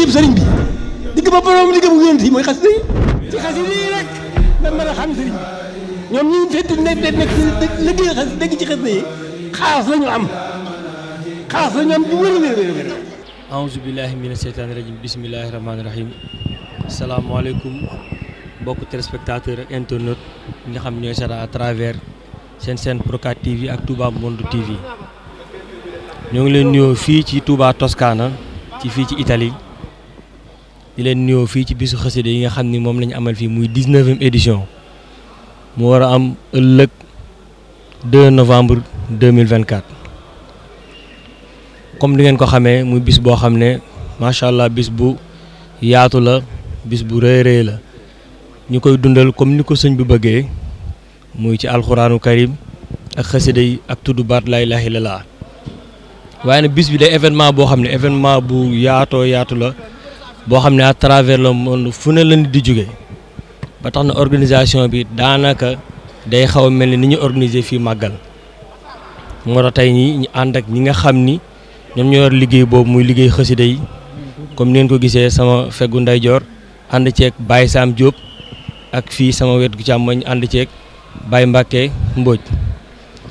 liggéeyub sëriñ bi digg bi ñoom ñu fekk ne ne nekk ci liggéey ñu ak internet ñi xam ñooy sara à seen seen Procat TV ak Touba Monde TV ñoo ngi leen nuyoo fii ci Touba Toscana ci fii ci Italie di leen nuyoo fii ci bisu xasida yi nga xam ni moom la ñu amal fii muy dix-neuvième édition mu war a am ëllëg 2 novembre 2024 comme ni ngeen ko xamee muy bis boo xam ne macha allah bis bu yaatu la bis bu rëy rëy la ñu koy dundal comme ni ko sëñ bu bëggee muy ci alxuraanu karim ak xasida yi ak tuddu baat laa ilaaha illallaah waaye nag bis bi day événement boo xam ne événement bu yaatoo yaatu la. boo xam ne à travers le monde fu ne la nit di jóge ba tax na organisation bi daanaka day xaw a mel ni ni ñu organiser fii màggal moo tax tey ñi ñu ànd ak ñi nga xam ni ñoom ñoo yor liggéey boobu muy liggéey xasida yi comme neen ko gisee sama feggu ndeyjoor ànd ceeg Baye Sam Diop ak fii sama wet gu càmmoñ ànd ceeg Baye Mbacke Mbodj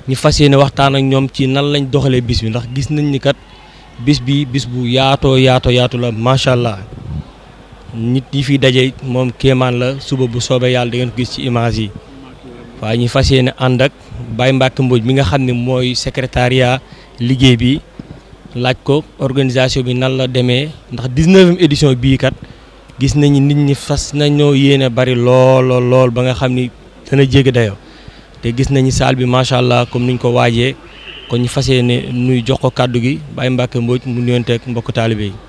ñu fas yéene waxtaan ak ñoom ci nan lañ doxalee bis bi ndax gis nañ ni kat bis bi bis bu yaatoo yaato yaatu la macha allah. nit yi fiy daje moom kéemaan la suba bu soobee yàlla da ngeen ko gis ci image yi waaye ñi fas ne ànd ak Baye Mbacke mbóoj mi nga xam ne mooy secrétariat liggéey bi laaj ko organisation bi nan la demee ndax 19e édition bii kat gis nañu nit ñi fas nañoo yéene bari lool lool lool ba nga xam ni dana jéggi dayoo te gis nañu saal bi macha allah comme niñ ko waajee kon ñu fas ne nuy jox ko kàddu gi Baye Mbacke Mbodj mu nuyonteeg mbokk taalibe yi.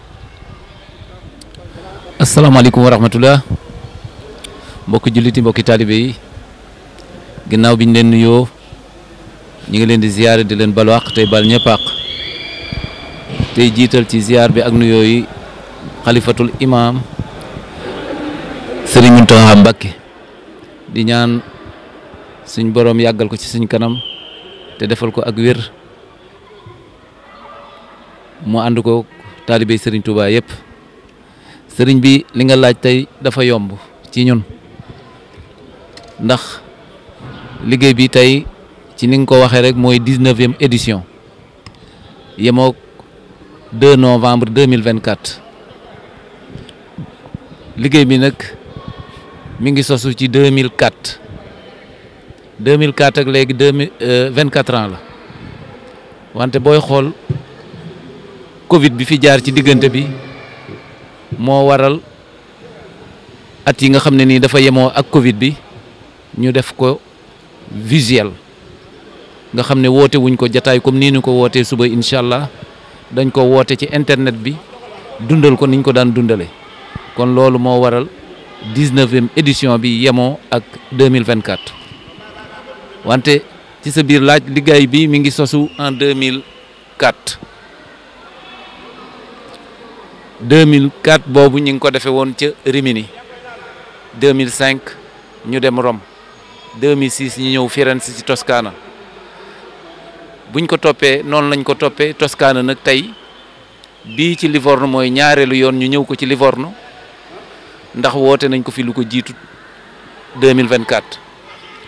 asalaamaaleykum wa rahmatullah mbokki julliti mbokki taalibe yi ginnaaw biñ ñu leen nuyoo ñu ngi leen di ziyaare di leen balwaax tey bal ñëpp àq tey jiital ci ziyaar bi ak nuyoo yi xalifatul imaam Serigne Mountakha Mbacké di ñaan suñ boroom yàggal ko ci suñ kanam te defal ko ak wér mu ànd ko taalibe Serigne Touba yëpp. sëriñ bi li nga laaj tey dafa yomb ci ñun ndax liggéey bi tey ci ni nga ko waxee rek mooy dix-neuvième édition yemook 2 novembre 2024 liggéey bi nag mu ngi sosu ci mille mille 2004 ak léegi vingt 24 ans la wante booy xool Covid bi fi jaar ci diggante bi moo waral at yi nga xam ne nii dafa yemoo ak Covid bi ñu def ko visuel nga xam ne woote wuñ ko jataay comme nii ñu ko wootee suba incha allah dañ ko woote ci internet bi dundal ko niñ ko daan dundale kon loolu moo waral dix-neuvième édition bi yemoo ak deux mille vingt-quatre wante ci sa biir laaj liggéey bi mi ngi sosu en deux mille quatre 2004 boobu ñu ngi ko defee woon ca Rimini 2005 ñu dem Rome 2006 ñu ñëw Firenze ci Toscana buñ ko toppee noonu lañ ko toppee Toscana nag tey bii ci Livorno mooy ñaareelu yoon ñu ñëw ko ci Livorno ndax woote nañ ko fi lu ko jiitu 2024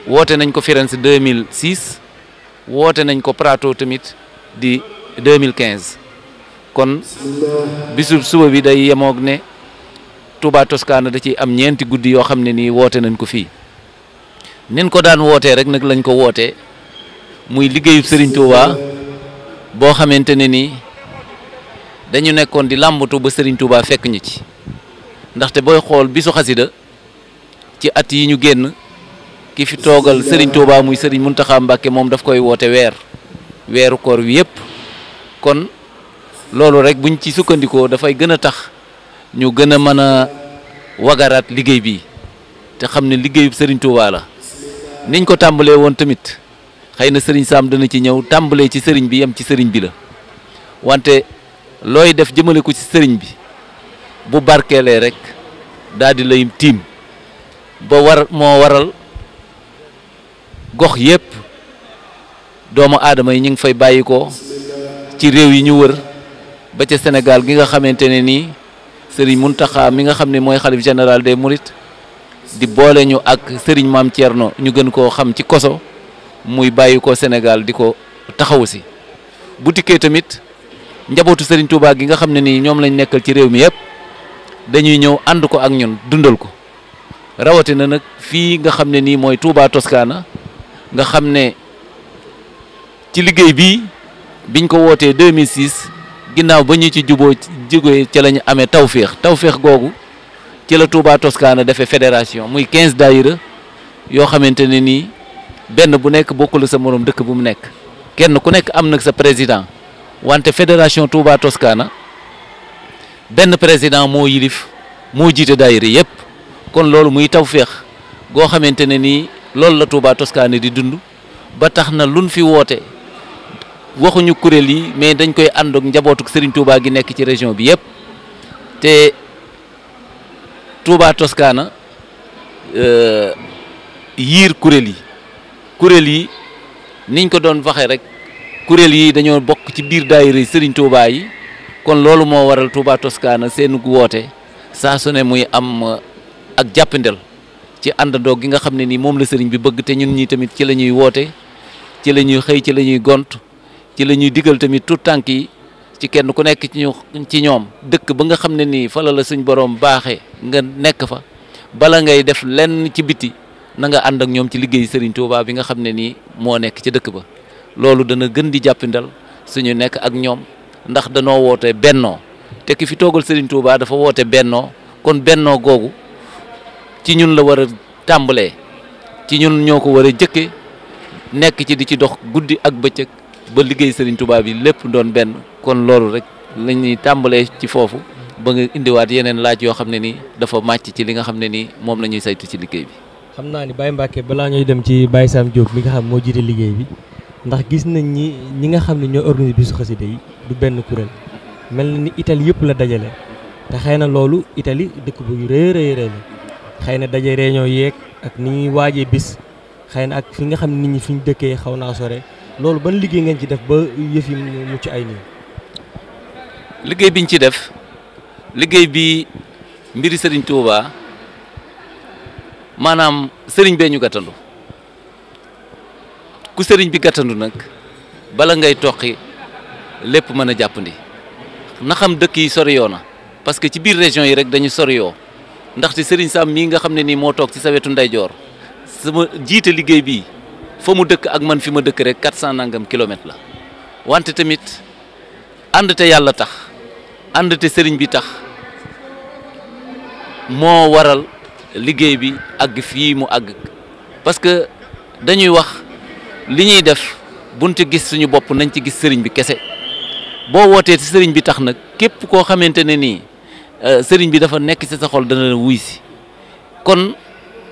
woote nañ ko Firenze 2006 woote nañ ko Prato tamit di 2015. kon bisu suba bi day yemoog ne Touba Toscana da ciy am ñeenti guddi yoo xam ne nii woote nañ ko fii nin ko daan wootee rek nag lañ ko woote muy liggéeyu sëriñ Touba boo xamante ne nii dañu nekkoon di làmbatu ba sëriñ Touba fekk ñu ci ndaxte booy xool bisu xasida ci at yi ñu génn ki fi toogal sëriñ Touba muy Serigne Mountakha Mbacké moom daf koy woote weer weeru koor wi yëpp kon. loolu rek buñ ci sukkandikoo dafay gën a tax ñu gën a mën a wagaraat liggéey bi te xam ne liggéeyu Serigne niñ ko tàmbalee woon tamit xëy na sëriñ saam dana ci ñëw tàmbalee ci sëriñ bi yem ci Serigne bi la wante looy def jëmale ko ci sëriñ bi bu barkeelee rek daldi di lay tiim ba war moo waral gox yépp doomu aadama yi ñu ngi fay bàyyi ko ci réew yi ñu wër. ba ca Sénégal gi nga xamante ne nii sëriñ Muntaxa mi nga xam ne mooy xalif général de Mourides di boole ñu ak sëriñ maam no ñu gën koo xam ci koso muy bàyyi ko Sénégal di ko taxawu si bu dikkee tamit njabootu sëriñ Touba gi nga xam ne nii ñoom lañ nekkal ci réew mi yëpp dañuy ñëw ànd ko ak ñun dundal ko rawatina nag fii nga xam ne nii mooy Touba Toscana nga xam ne ci liggéey bi biñ ko wootee 2006. ginnaaw ba ñu ci juboo jigóoy ci la ñu amee tawféex tawféex googu ci la Touba Toscana defee fédération muy quinze daayira yoo xamante ne nii benn bu nekk bokkul sa moroom dëkk bu mu nekk kenn ku nekk am nag sa président wante fédération Touba Toscana benn président moo yilif moo jiite daayira yépp kon loolu muy tawféex goo xamante ne nii loolu la Touba Toscana di dund ba tax na luñ fi woote waxuñu kuréel yi mais dañ koy ànd ak njabootuk Serigne Touba gi nekk ci région bi yëpp te Touba Toscana euh, yiir kuréel yi kuréel yi niñ ko doon waxee rek kuréel yi dañoo bokk ci biir daayira yi Serigne yi kon loolu moo waral Touba Toscana seen woote saa su ne muy am euh, ak jàppandel ci àndandoo gi nga xam ne nii moom la sëriñ bi bëgg te ñun ñii tamit ci la woote ci lañuy ñuy xëy ci la gont ci la ñuy digal tamit tout tànk yi ci kenn ku nekk ci ñu ci ñoom dëkk ba nga xam ne nii fala la suñ borom baaxee nga nekk fa bala ngay def lenn ci biti na nga ànd ak ñoom ci liggéey Serigne Touba bi nga xam ne nii moo nekk ci dëkk ba loolu dana gën di jàppindal suñu nekk ak ñoom ndax danoo woote bennoo te ki fi toogal Serigne Touba dafa woote bennoo kon bennoo googu ci ñun la war a tàmbalee ci ñun ñoo ko war a jëkke nekk ci di ci dox guddi ak bëccëg ba liggéey Serigne tubaab yi lépp doon benn kon loolu rek la ñuy tàmbalee ci foofu ba nga indiwaat yeneen laaj yoo xam ne nii dafa màcc ci li nga xam ne nii moom la ñuy saytu ci liggéey bi. xam naa ni Baye mbàkkee balaa ñuy dem ci Baye Sam Diop mi nga xam moo jiite liggéey bi ndax gis nañ ni ñi nga xam ne ñoo organisé bisu xasida yi du benn kuréel mel na ni Italie yëpp la dajale te xëy na loolu Italie dëkk bu rëy rëy rëy la xëy na daje réunion yeeg ak ni ñuy waajee bis xëy na ak fi nga xam nit ñi fi ñu dëkkee xaw naa sore loolu ban liggéey ngeen ci def ba yëf yi mucc ay nii. liggéey biñ ci def liggéey bi mbiri sëriñ Touba maanaam sëriñ bee ñu gàttandu ku sëriñ bi gàttandu nag bala ngay toqi lépp mën a jàppandi na xam dëkk yi sori yoo na parce que ci biir région yi rek dañu sori yoo ndaxte sëriñ Sam mii nga xam ne nii moo toog ci sa wetu ndeyjoor sama jiite liggéey bii. fa mu dëkk ak man fi ma dëkk rek 400 nangam kilomètres la wante tamit ànd te yàlla tax ànd te sëriñ bi tax moo waral liggéey bi àgg fii mu àgg parce que dañuy wax li ñuy def buñ gis suñu bopp nañ ci gis sëriñ bi kese boo wootee ci sëriñ bi tax nag képp koo xamante ne nii euh, sëriñ bi dafa nekk ci sa xol dana wuy si kon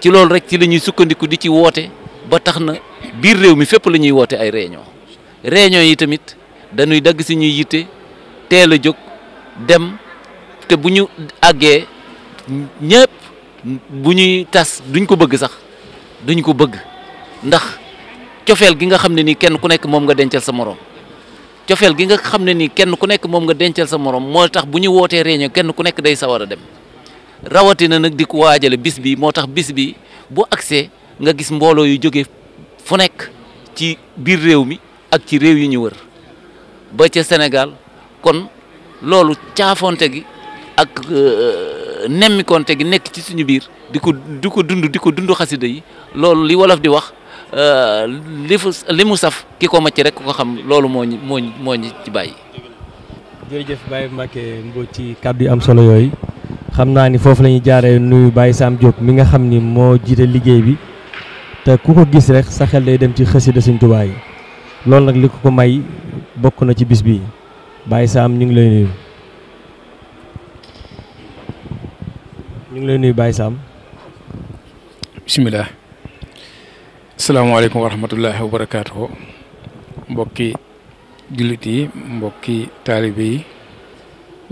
ci loolu rek ci la sukkandiku di ci woote ba tax na biir réew mi fépp la ñuy woote ay réunion réunion yi tamit dañuy dagg si ñuy yitte teel a jóg dem te bu ñu àggee ñëpp bu ñuy tas duñ ko bëgg sax duñ ko bëgg ndax cofeel gi nga xam ne nii kenn ku nekk moom nga dencal sa morom cofeel gi nga xam ne nii kenn ku nekk moom nga dencal sa morom moo tax bu ñu wootee réunion kenn ku nekk day sawar a dem rawatina nag di ko waajale bis bi moo tax bis bi bu agsee nga gis mbooloo yu jógee fu nekk ci biir réew mi ak ci réew yi ñu wër ba ca senegal kon loolu caafonte gi ak euh, nemmikonte gi nekk ci suñu biir di ko di ko dund di ko dund xasida yi loolu li wolof di wax euh, li fu li mu saf ki ko macc rek ko xam loolu moo ñu moo ñu ci bàyyi. jërëjëf Baye Mbacke Mbodj ci kàddu yu am solo yooyu xam naa ni foofu la ñuy jaaree nuyu Baye Sam Diop mi nga xam ni moo jiite liggéey bi. te ku ko gis rek sa xel day dem ci xasida Sëñ Tuubaa yi loolu nag li ko ko may bokk na ci bis bi Baye Sam ñu ngi lay nuyu. ñu ngi lay nuyu Baye Sam. bisimilah. asalaamaaleykum wa rahmatullahi wa barakaatuhu mbokki jullit yi mbokki taalibe yi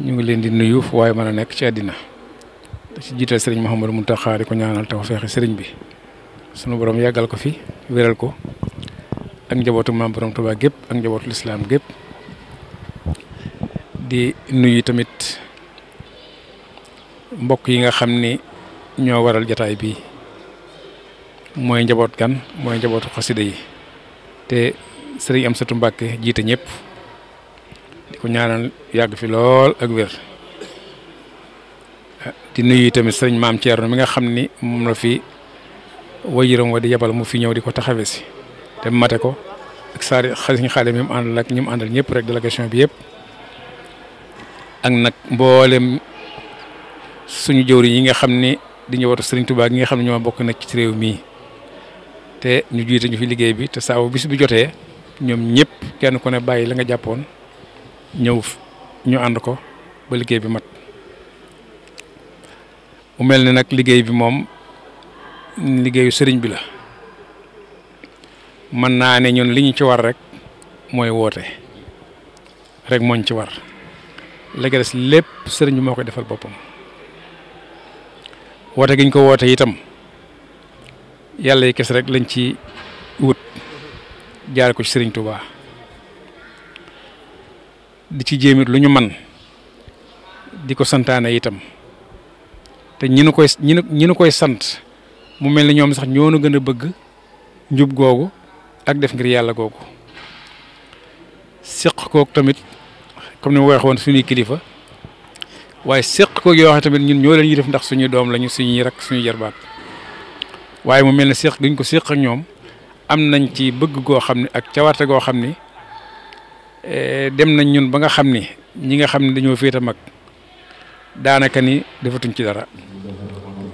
ñu ngi leen di nuyu fu waaye mën a nekk ci àddina te ci jiital sëriñ Mouhamadou Mountakha di ko ñaanal tawfeexi sëriñ bi. sunu boroom yàggal ko fi wéral ko ak njabootu maam borom Tuubaa gépp ak njabootu lislaam gépp di nuyu tamit mbokk yi nga xam ni ñoo waral jataay bi mooy njaboot gan mooy njabootu xasida yi te sëriñ Amsatu Mbàkke jiite ñëpp di ko ñaanal yàgg fi lool ak wér di nuyu tamit sëriñ maam Thierno mi nga xam ni moom na fi wajuram wa di yebal mu fi ñëw di ko taxawee si te mate ko ak saari xarit xaalis mi mu àndal ak ñi ñëpp rek délégation bi yëpp ak nag mboolem suñu jëwriñ yi nga xam ni di ñëwatu Serigne Touba gi nga xam ne ñoo bokk nekk ci réew mii te ñu jiite ñu fi liggéey bi te saabu bis bu jotee ñoom ñëpp kenn ku ne bàyyi la nga jàppoon ñëw ñu ànd ko ba liggéey bi mat mu mel ne nag liggéey bi moom. liggéeyu sëriñ bi la mën naa ne ñun li ñu ci war rek mooy woote rek mooñ ci war la des lépp sëriñ bi moo koy defal boppam woote gi ñu ko woote itam yàlla yi kese rek lañ ci wut jaare ko ci sëriñ Touba di ci jéemit lu ñu man di ko santaane itam te ñi nu koy ñi nu koy sant mu mel ni ñoom sax ñoo nu gën a bëgg njub googu ak def ngir yàlla googu seq kook tamit comme ni ma waxee woon suñuy kilifa waaye seq kook yoo xam tamit ñun ñoo leen def ndax suñuy doom lañu suñuy rak suñuy jarbaat waaye mu mel ne seq gi ko séq ñoom am nañ ci bëgg goo xam ne ak cawarte goo xam ni eh, dem nañ ñun ba nga xam ni ñi nga xam ne dañoo féete mag daanaka ni defatuñ ci dara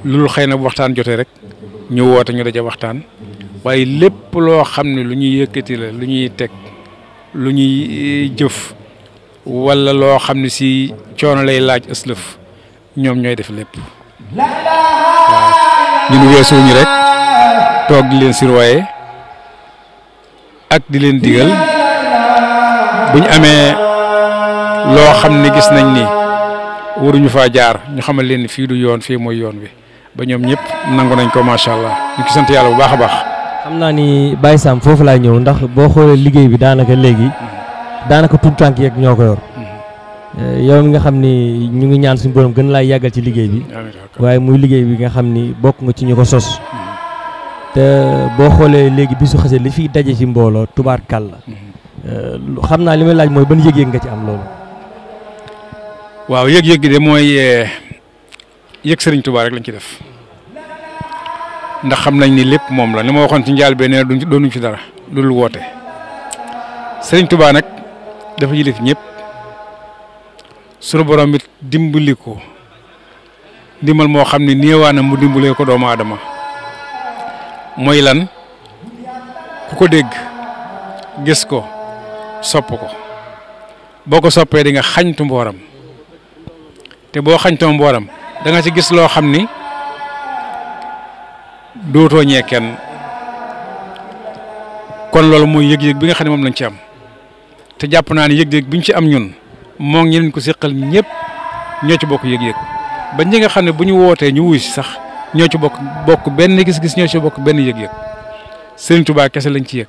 loolu xëy na bu waxtaan jotee rek. ñu woote ñu daje waxtaan waaye lépp loo xam ne lu ñuy yëkkati la lu ñuy teg lu ñuy eh, jëf walla loo xam ne si coono lay laaj ëslëf ñoom ñooy def lépp waaw ñun weesu ñu rek toog di leen surwaye ak di leen digal bu ñu amee loo xam ne gis nañ ni waruñu faa jaar ñu xamal leen fii du yoon fii mooy yoon wi ba ñoom ñëpp nangu nañ ko macha allah ñu ki sant yàlla bu baax a baax. xam naa ni Baye Sam foofu laay ñëw ndax boo xoolee liggéey bi daanaka léegi daanaka tout tànk yeeg ñoo ko yor. Eh, yow mi nga xam ni ñu ngi ñaan suñu borom gën laa yàggal ci liggéey bi. waaye muy liggéey bi nga xam ni bokk nga ci ñu ko sos. te boo xoolee léegi bi su xasee li fiy daje ci mbooloo tubaar kàll la mhm. eh, xam naa li may laaj mooy ban yëg-yëg nga ci am loolu. waaw yëg-yëg de mooy eh, yëg sëriñ Tuubaa rek lañ ci def ndax xam nañ ni lépp moom la li ma waxoon ci njaal bee nee duñ ci doonuñ ci dara loolu woote sëriñ Tuubaa nag dafa yilif ñëpp sunu borom it dimbali ko dimbal moo xam ne néewaana mu dimbalee ko doomu aadama mooy lan ku ko dégg gis ko sopp ko boo ko soppee di nga xañtu mbooram te boo xañtoo mbooram danga ci gis loo xam ni dootoo ñee kenn kon loolu mooy yëg-yëg bi nga xam ne moom lañ ci am te jàpp naa ne yëg-yëg bi ñu ci am ñun moo ngi leen ko séqal ñëpp ñoo ci bokk yëg-yëg ba ñi nga xam ne bu ñu wootee ñu wuy si sax ñoo ci bokk bokk benn gis-gis ñoo ci bokk benn yëg-yëg Sëriñ Tuubaa kese lañ ci yëg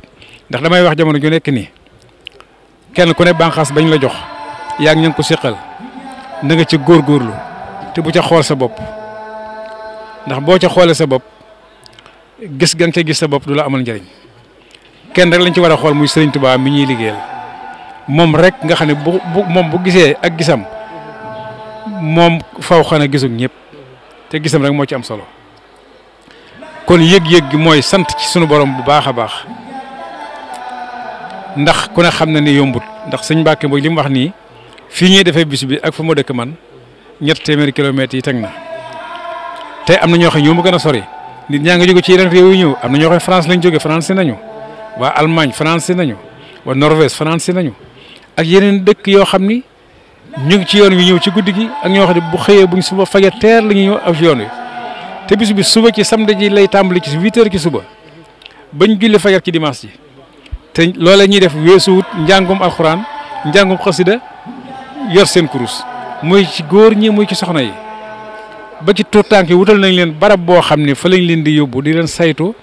ndax damay wax jamono ju nekk nii kenn ku ne bànqaas bañ la jox yaa ngi ko séqal na ci góor góorlu te bu ca xool sa bopp ndax boo ca xoolee sa bopp gis gante gis sa bopp du la amal njariñ kenn rek lañ ci war a xool muy Serigne Touba mi ñuy liggéeyal moom rek nga xam ne bu bu moom bu gisee ak gisam moom faw xanaa gisug ñépp te gisam rek moo ci am solo kon yëg-yëg gi mooy sant ci sunu borom bu baax a baax ndax ku ne xam na ni yombut ndax sëñ Mbàkke mooy li wax nii fii ñuy defee bis bi ak fu ma dëkk man. ñett téeméeri kilomètres yi teg na te am na ñoo xam ñoo ma gën a sori nit ñaa ngi jóge ci yeneen réew yi ñëw am na ñoo xam France lañ jóge France nañu waa almaañ France nañu waa Norvège France nañu ak yeneen dëkk yoo xam ni ñu ngi ci yoon wi ñëw ci guddi gi ak ñoo xam bu xëyee buñ suba fage teer la ñuy ñëw ak yoon wi te bis bi suba ci samedi lay tàmbali ci huit heures ci suba bañ julli fajar ci dimanche ji te loolee ñuy def weesuwut njàngum alxuraan njàngum xasida yor seen kurus muy ci góor ñii muy ci soxna yi ba ci tuut tànk yi wutal nañ leen barab boo xam ne fa lañ leen di yóbbu di leen saytu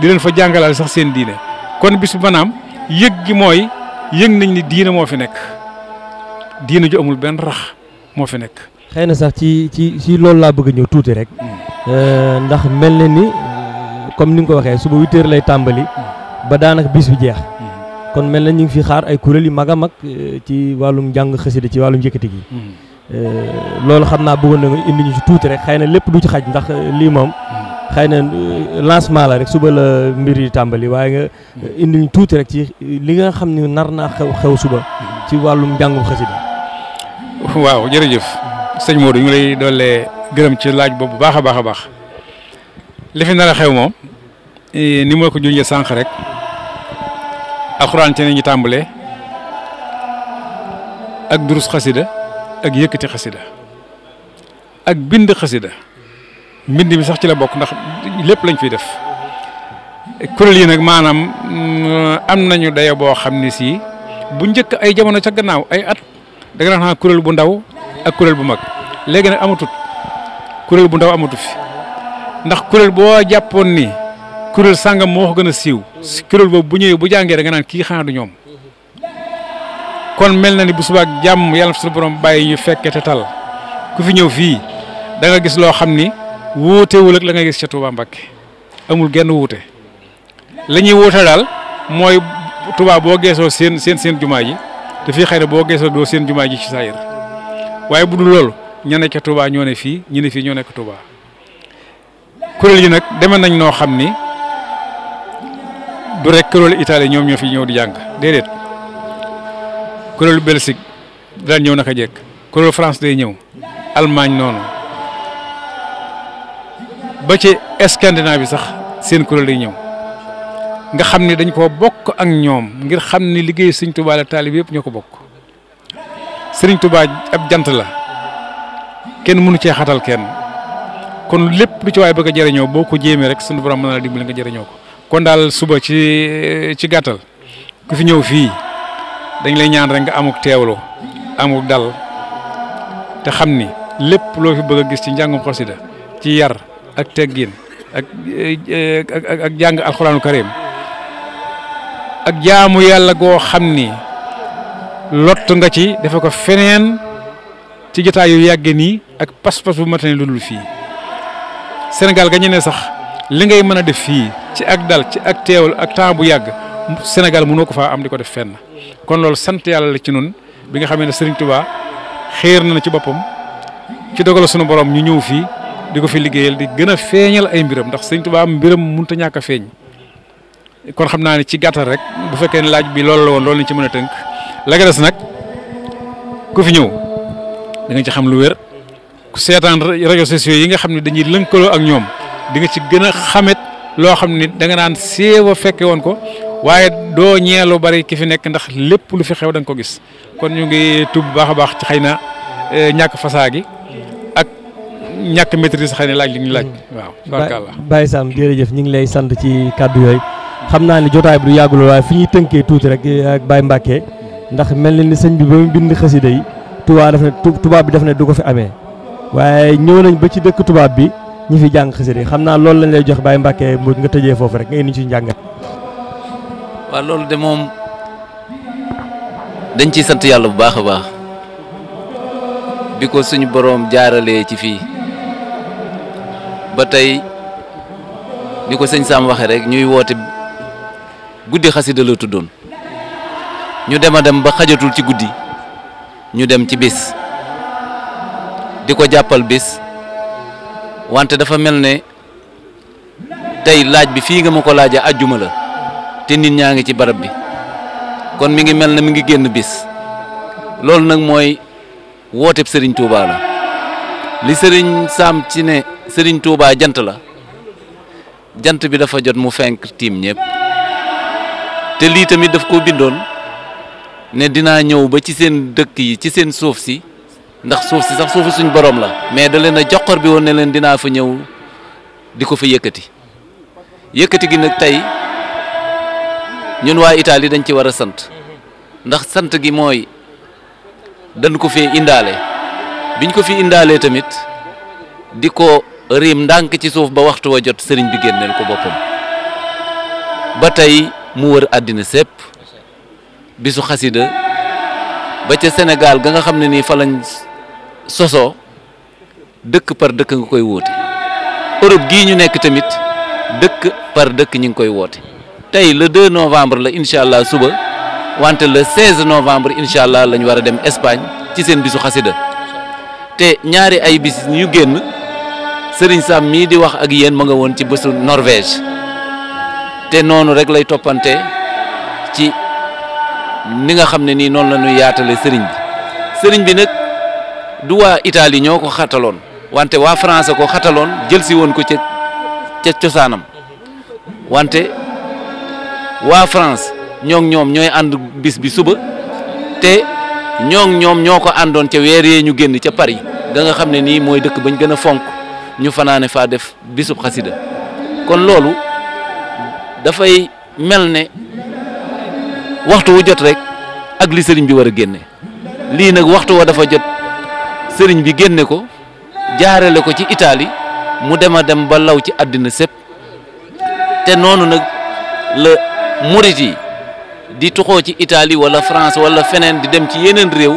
di leen fa jàngalal sax seen diine kon bis bu maanaam yëg gi mooy yëg nañ ni diine moo fi nekk diine ju amul benn rax moo fi nekk. xëy na sax ci ci ci loolu laa bëgg ñëw tuuti rek. Hmm. Euh, ndax mel na ni comme ni nga ko waxee suba huit heures lay tàmbali. ba daanaka bis bi jeex. kon mel na ñu ngi fi xaar ay kuréel yu mag a mag eh, ci wàllum njàng xasida ci wàllum yëkkati gi hmm. eh, loolu xam naa buggoon na nga indi ñu tuuti rek xëy na lépp du ci xaj ndax eh, lii moom hmm. xëy na lancement la rek suba la mbir yi tàmbali waaye nga hmm. indi ñu tuuti rek ci li nga xam ne nar naa xew xew suba ci wàllum njàngum xasida waaw jërëjëf sëñ Modou ñu lay doole gërëm ci laaj boobu baax a baax a baax li fi nar a xew moom ni ma ko junjee sànq rek alxuraan ci nañu tàmbalee ak durus xasida ak yëkkati xasida ak bind xasida mbind mi sax ci la bokk ndax lépp lañ fiy def kuréel yi nag maanaam mm, am nañu dayo boo xam ne sii bu njëkk ay jamono ca gannaaw ay at da nga naan kuréel bu ndaw ak kuréel bu mag léegi nag amatut kuréel bu ndaw amatu fi ndax kuréel boo jàppoon ni kuréel sàngam moo ko gën a siiw kuréel boobu bu ñëwee bu jàngee da nga naan kii xanaa du ñoom kon mel na ni bu subaak jàmm yàlla suñu borom bàyyi ñu fekkee te tal ku fi ñëw fii da gis loo xam ni wuutewul ak la nga gis ca Touba Mbakke amul genn wuute la ñuy wuute daal mooy Touba boo geesoo seen seen seen jumaa ji dafay fii xëy boo geesoo doo seen jumaa ji ci saayir waaye bu dul loolu ña nekk ca Touba ñoo ne fii ñu fii ñoo nekk Touba kuréel yi nag deme nañ noo xam ni. du rek kuréelu Italie ñoom ñoo fi ñëw di jàng déedéet kuréelu Belgique daan ñëw naka jekk kuréelu France day ñëw almaañ noonu ba ci Scandinavie bi sax seen kuréel day ñëw nga xam ni dañ koo bokk ak ñoom ngir xam ni liggéey Sëriñ tubaale la taalib yëpp ñoo ko bokk Sëriñ Tuubaa ab jant la kenn mënu cee xatal kenn kon lépp lu ci waay bëgg a jëriñoo boo ko jéemee rek sunu borom mën na la dimbali nga jëriñoo ko. kon daal suba ci ci gàttal ku fi ñëw fii dañ lay ñaan rek nga amuk teewlu amuk dal te xam ni lépp loo fi bëgg a gis ci njàngum xasida ci yar ak teggin ak ak jàng alxuraanu karim ak jaamu yàlla goo xam ni lot nga ci dafa ko feneen ci jotaay yu yàgge nii ak pas-pas bu matane lu dul fii Sénégal ga ne sax li ngay mën a def fii ci ak dal ci ak teewal ak temps bu yàgg Sénégal mënoo ko faa am di ko def fenn kon loolu sant yàlla la ci nun bi nga xamee ne Serigne tubaa xéer na ci boppam ci dogal sunu boroom ñu ñëw fii di ko fi liggéeyal di gën a feeñal ay mbiram ndax Serigne Touba mbiram mënut a ñàkk feeñ. kon xam naa ne ci gàttal rek bu fekkee ne laaj bi lool la woon loolu ci mën a tënk la nag ku fi ñëw da ci xam lu wér ku seetaan rajo sociaux yi nga xam ne dañuy lënkaloo ak loo xam ni danga nga naan séewa fekke woon ko waaye doo lu bari ki fi nekk ndax lépp lu fi xew da ko gis kon ñu ngi tub baax a baax ci xay na eh, ñàkk fasaa gi ak ñàkk maîtrise xëy na laaj li ñu laaj. Mm. waaw barkallah Baye Sam jërëjëf ñu ngi lay sant ci kàddu yooyu xam naa ni jotaay bi du yàggul waaye fi ñuy tënkee tuuti rek eh, ak baay Mbacke ndax mel na ni sëñ bi ba mu bind xasida yi tubaab daf bi daf ne du ko fi amee waaye ñëw nañ ba ci dëkk tubaab bi. ñi fi jàng xasida yi xam naa loolu lañ joxe jox Baye Mbacke Mbodj nga tëjee foofu rek nga indi ci njàngat. waaw loolu de moom dañ ciy sant yàlla bu baax a baax bi ko suñu boroom jaaralee ci fii ba tey ni ko sëñ Sam waxee rek ñuy woote guddi xasida la tuddoon ñu dem a dem ba xajatul ci guddi ñu dem ci bis di ko jàppal bis. wante dafa mel ne tey laaj bi fii nga ma ko a ajjuma la te nit ñaa ngi ci barab bi kon mi ngi mel ne mi ngi génn bis loolu nag mooy wooteb sëriñ tuubaa la li sëriñ Sam ci ne sëriñ tuubaa jant la jant bi dafa jot mu fenk tiim ñépp te lii tamit daf ko bindoon ne dinaa ñëw ba ci seen dëkk yi ci seen suuf si ndax suuf si sax suufu suñ borom la mais da leen a joxor bi woon ne leen dinaa fa ñëw di ko fa yëkkati yëkkati gi nag tey ñun waa Italie dañ ci war a sant ndax sant gi mooy dañ ko fi indaale biñ ko fi indaalee tamit di ko riim ndànk ci suuf ba waxtu wa jot sëriñ bi génneel ko boppam ba tey mu wër àddina sépp bisu xasida ba ca Sénégal ga nga xam ne nii fa lañ sosoo dëkk par dëkk nga koy woote Europe gii ñu nekk tamit dëkk par dëkk ñu ngi koy woote tey le 2 novembre la incha allah suba wante le 16 novembre incha allah la ñu war a dem Espagne ci seen bisu xasida te ñaari ay bis ñu génn sëriñ Sam mii di wax ak yéen ma nga woon ci bésu Norvège te noonu rek lay toppante ci ni nga xam ne nii noonu la ñuy yaatale sëriñ bi Serigne bi nag. du waa Italie ñoo ko xataloon wante waa France ko xataloon jël si woon ko ca ca cosaanam wante waa France ñoo ñoom ñooy ànd bis bi suba te ñoo ñoom ñoo ko àndoon ca weer yee ñu génn ca Paris ga nga xam ne nii mooy dëkk bañ gën a fonk ñu fanaane faa def bisu xasida kon loolu dafay mel ne waxtu wu jot rek ak li bi war a génne lii nag waxtu wa dafa jot. sëriñ bi génne ko jaarale ko ci itaali mu dem a dem ba law ci àddina sépp te noonu nag la murit di toxoo ci Italie wala France wala feneen di dem ci yeneen réew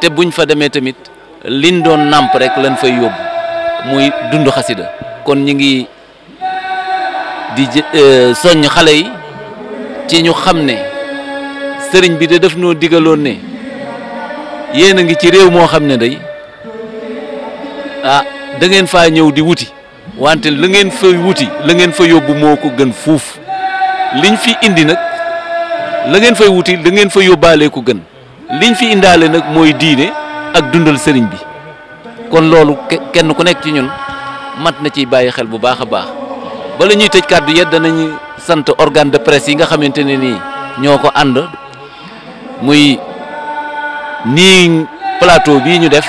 te buñ fa demee tamit liñ doon nàmp rek lañ fay yóbbu muy dund xasida kon ñu ngi di euh, soññ xale yi ci ñu xam ne sëriñ bi de daf noo digaloon ne yéen a ngi ci réew moo xam ne day ah da ngeen faa ñëw di wuti wante la ngeen fa wuti la fa yóbbu moo ko gën fuuf liñ fi indi nag la ngeen fay wuti da ngeen fa yóbbaale ko gën liñ fi indaale nag mooy diine ak dundal sëriñ bi kon loolu kenn ku nekk ci ñun mat na ci bàyyi xel bu baax a baax bala ñuy tëj kàddu yet danañu sant organe de presse yi nga xamante ne nii ñoo ko ànd muy nii plateau bii ñu def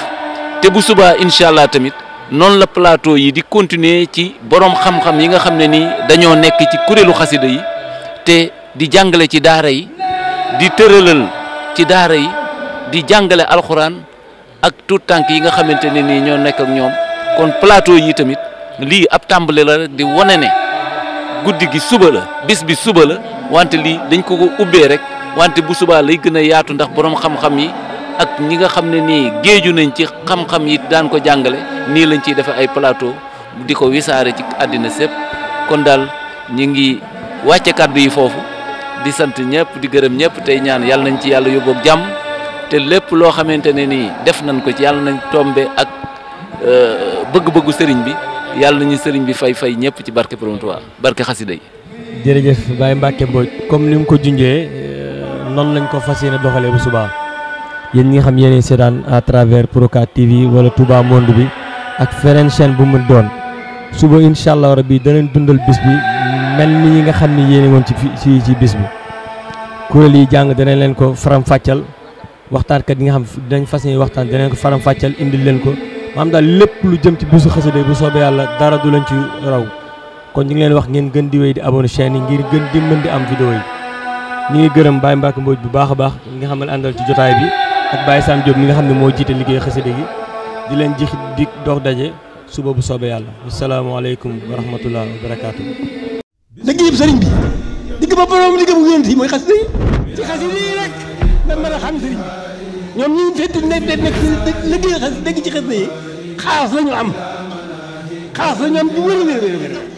te bu subaa incha allah tamit noonu la plateau yi di continuer ci borom xam-xam yi nga xam ne nii dañoo nekk ci kuréelu xasida yi te di jàngale ci daara yi di tëralal ci daara yi di jàngale alxuraan ak tout tànk yi nga xamante ne nii ñoo nekk ak ñoom kon plateau yi tamit lii ab tàmbali la rek di wane ne guddi gi suba la bis bi suba la wante lii dañ ko ko ubbee rek wante bu subaa lay gën a yaatu ndax borom xam-xam yi. ak ñi nga xam ne nii géeju nañ ci xam-xam yi daan ko jàngale nii lañ ciy defe ay plateau di ko wisaare ci àddina sépp kon daal ñi ngi wàcce kàddu yi foofu di sant ñëpp di gërëm ñëpp tey ñaan yàlla nañ ci yàlla yóbboog jàmm te lépp loo xamante ne nii def nañ ko ci yàlla nañ tombe ak euh, bëgg-bëggu sëriñ bi yàlla nañu sëriñ bi fay fay ñëpp ci barke promontoire barke xasida yi jërëjëf Baye Mbacke Mbodj comme ni mu ko junjee euh, noonu lañ ko fas yéene doxalee bu subaa yéen ñi nga xam yéenay seetaan à travers Proca TV wala Touba Monde bi ak feneen chaîne bu mu doon suba incha allah rabi danañ dundal bis bi mel ni ñi nga xam ni yéene woon ci ci ci bis bi kuréel yi jàng danañ leen ko faram-fàccal waxtaankat yi nga xam dinañ fas yéene waxtaan danañ ko faram-fàccal indil leen ko maam daal lépp lu jëm ci bisu xasida bu soobee yàlla dara du leen ci raw kon ñu ngi leen wax ngeen gën di wéy di abonné chaîne yi ngir gën di mën di am vidéo yi ñu ngi gërëm Baye Mbacke Mbodj bu baax a baax nga xam ne àndal ci jotaay bi. ak Baye Sam Diop nga xam ne moo jiite liggéey xasida gi di leen jix di dox daje suba bu soobee yàlla asalaamaaleykum wa rahmatullah wa barakaatu. liggéey sëriñ bi digg ba borom digg bu yonent yi mooy xasida yi ci xasida yi rek la mën a xam sëriñ bi ñoom ñu fekk ne ne nekk ci xasida yi xaas la am xaas la am bu wér a wér a wér